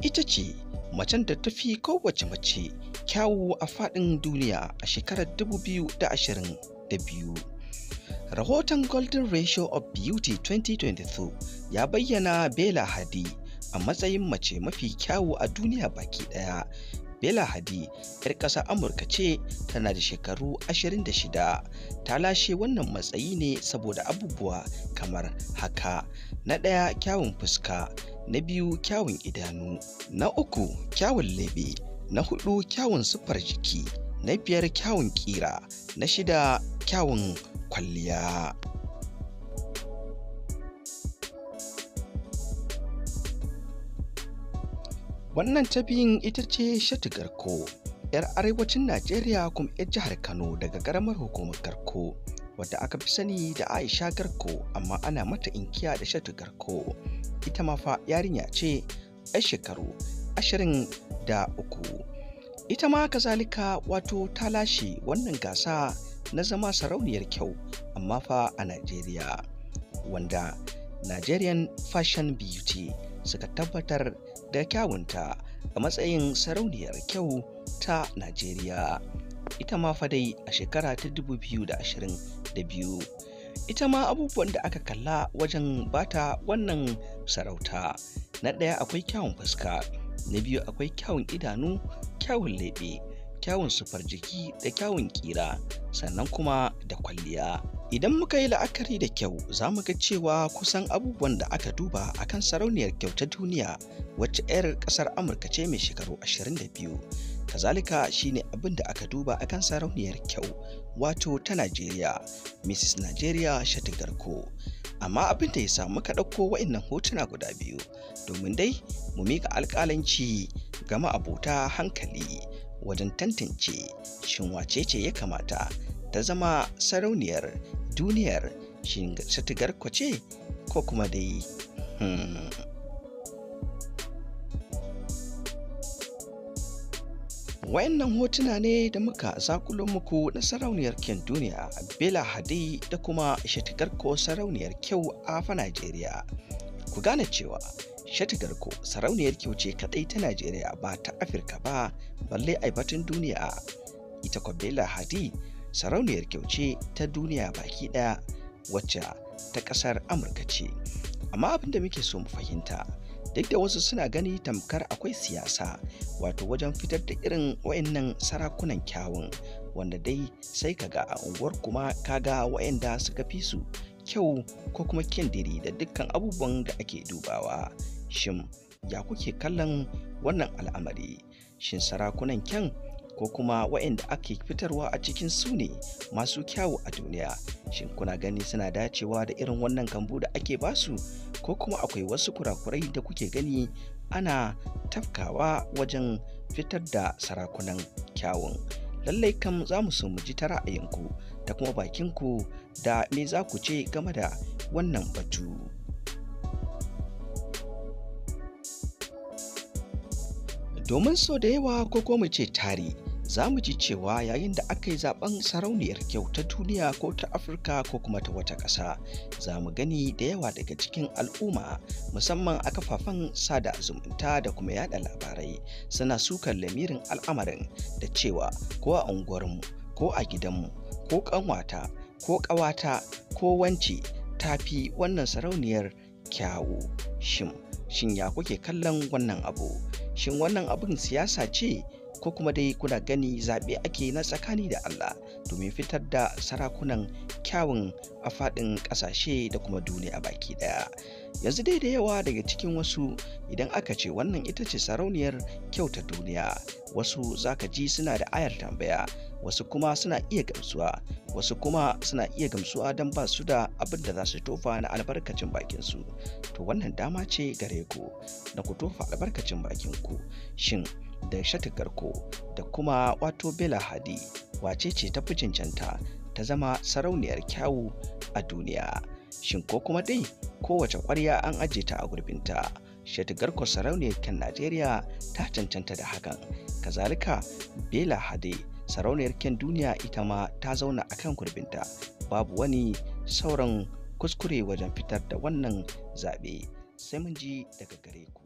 ita ce macen da ta fi kowace mace kyawu a faɗin duniya a shekarar 2022. Rahoton Golden Ratio of Beauty 2022 ya bayyana Bela Hadi a matsayin mace mafi kyawu a duniya baki ɗaya Bella Hadi, 'yar ƙasar Amurka ce tana da shekaru 26, ta lashe wannan matsayi ne saboda abubuwa kamar haka. Na ɗaya kyawun fuska, na biyu kyawun idanu, na uku kyawun lebe, na hudu kyawun siffar jiki, na biyar kyawun ƙira, na shida kyawun kwalliya. Wannan tabiyin ita ce Shatu Garko, 'yar arewacin Najeriya kuma 'yar jihar Kano daga garamar hukumar Garko, wadda aka fi sani da Aisha Garko amma ana mata inkiya da Shatu Garko. Ita ma fa yarinya ce 'yar shekaru ashirin da uku. Ita ma kazalika wato ta lashe wannan gasa na zama sarauniyar kyau amma fa a Najeriya, wanda Nigerian Fashion Beauty suka tabbatar da kyawunta a matsayin sarauniyar kyau ta Najeriya. Ita ma fadai a shekara ta dubu biyu da da ashirin biyu. Ita ma abubuwan da aka kalla wajen bata wannan sarauta. Na ɗaya akwai kyawun fuska, na biyu akwai kyawun idanu, kyawun leɓe, kyawun sufar jiki da kyawun ƙira, sannan kuma da kwalliya. Idan muka yi la'akari da kyau za mu ga cewa kusan abubuwan da aka duba a kan sarauniyar kyau ta duniya wacce 'yar ƙasar Amurka ce mai shekaru 22. Kazalika shine abin da aka duba a kan sarauniyar kyau wato ta Najeriya, Mrs. Najeriya Shatigarko. Amma abin da ya samu muka ɗauko wa'innan hotuna guda biyu domin dai mu mika alƙalanci ga ma'abota hankali wajen tantance shin wacece ya kamata ta zama sarauniyar duniyar shin satigarko ce ko kuma dai wayan hmm. wayannan hotuna ne da muka zakulo muku na sarauniyar kyan duniya bela hadi da kuma shatigarko sarauniyar kyau a fa najeriya ku gane cewa shatigarko sarauniyar kyau ce kadai ta najeriya ba ta afirka ba balle a duniya ita kwa bela hadi sarauniyar kyauce ta duniya baki ɗaya wacce ta ƙasar amurka ce amma abin da muke so mu fahimta duk da wasu suna gani tamkar akwai siyasa wato wajen fitar da irin wayannan sarakunan kyawun wanda dai sai kaga a unguwar kuma ka ga wayanda suka fi su kyau ko kuma kindiri da dukkan abubuwan da ake dubawa shin ya kuke kallon wannan al'amari shin sarakunan kyan ko kuma waɗanda ake fitarwa a cikin su ne masu kyawu a duniya shin kuna gani suna dacewa da irin wannan kambu da ake basu ko kuma akwai wasu kurakurai da kuke gani ana tafkawa wajen fitar da sarakunan kyawun lallai kam za mu so mu ji ta ra'ayinku da kuma bakinku da me za ku ce game da wannan batu. domin sau da yawa ko ko mu ce tari za mu ji cewa yayin da aka yi zaben sarauniyar kyau ta duniya ko ta afirka ko kuma ta wata ƙasa za mu gani da yawa daga cikin al'umma musamman a kafafen sada zumunta da kuma yada labarai suna sukan lamirin al'amarin da cewa ko a unguwarmu ko a gidanmu ko kanwata ko ƙawata ko wanci fi wannan sarauniyar kyawu shin ya kuke kallon wannan abu shin wannan abin siyasa ce ko kuma dai kuna gani zaɓe ake na tsakani da Allah domin fitar da sarakunan kyawun a faɗin ƙasashe da kuma duniya baki ɗaya. Yanzu dai da yawa daga cikin wasu idan aka ce wannan ita ce sarauniyar kyauta duniya wasu zaka ji suna da ayar tambaya wasu kuma suna iya gamsuwa wasu kuma suna iya gamsuwa don ba su da abin da za su tofa na albarkacin bakin su to wannan dama ce gare ku na ku tofa albarkacin bakin ku shin da shatigarko da kuma wato bela hadi wace ce ta fi cancanta ta zama sarauniyar kyawu a duniya shin ko kuma dai kowace kwarya an ajiye ta a gurbinta shatigarko sarauniyar kan najeriya ta cancanta da hakan kazalika bela hadi sarauniyar kyan duniya ita ma ta zauna a kan kurbinta babu wani sauran kuskure wajen fitar da wannan zaɓe sai mun ji daga gare ku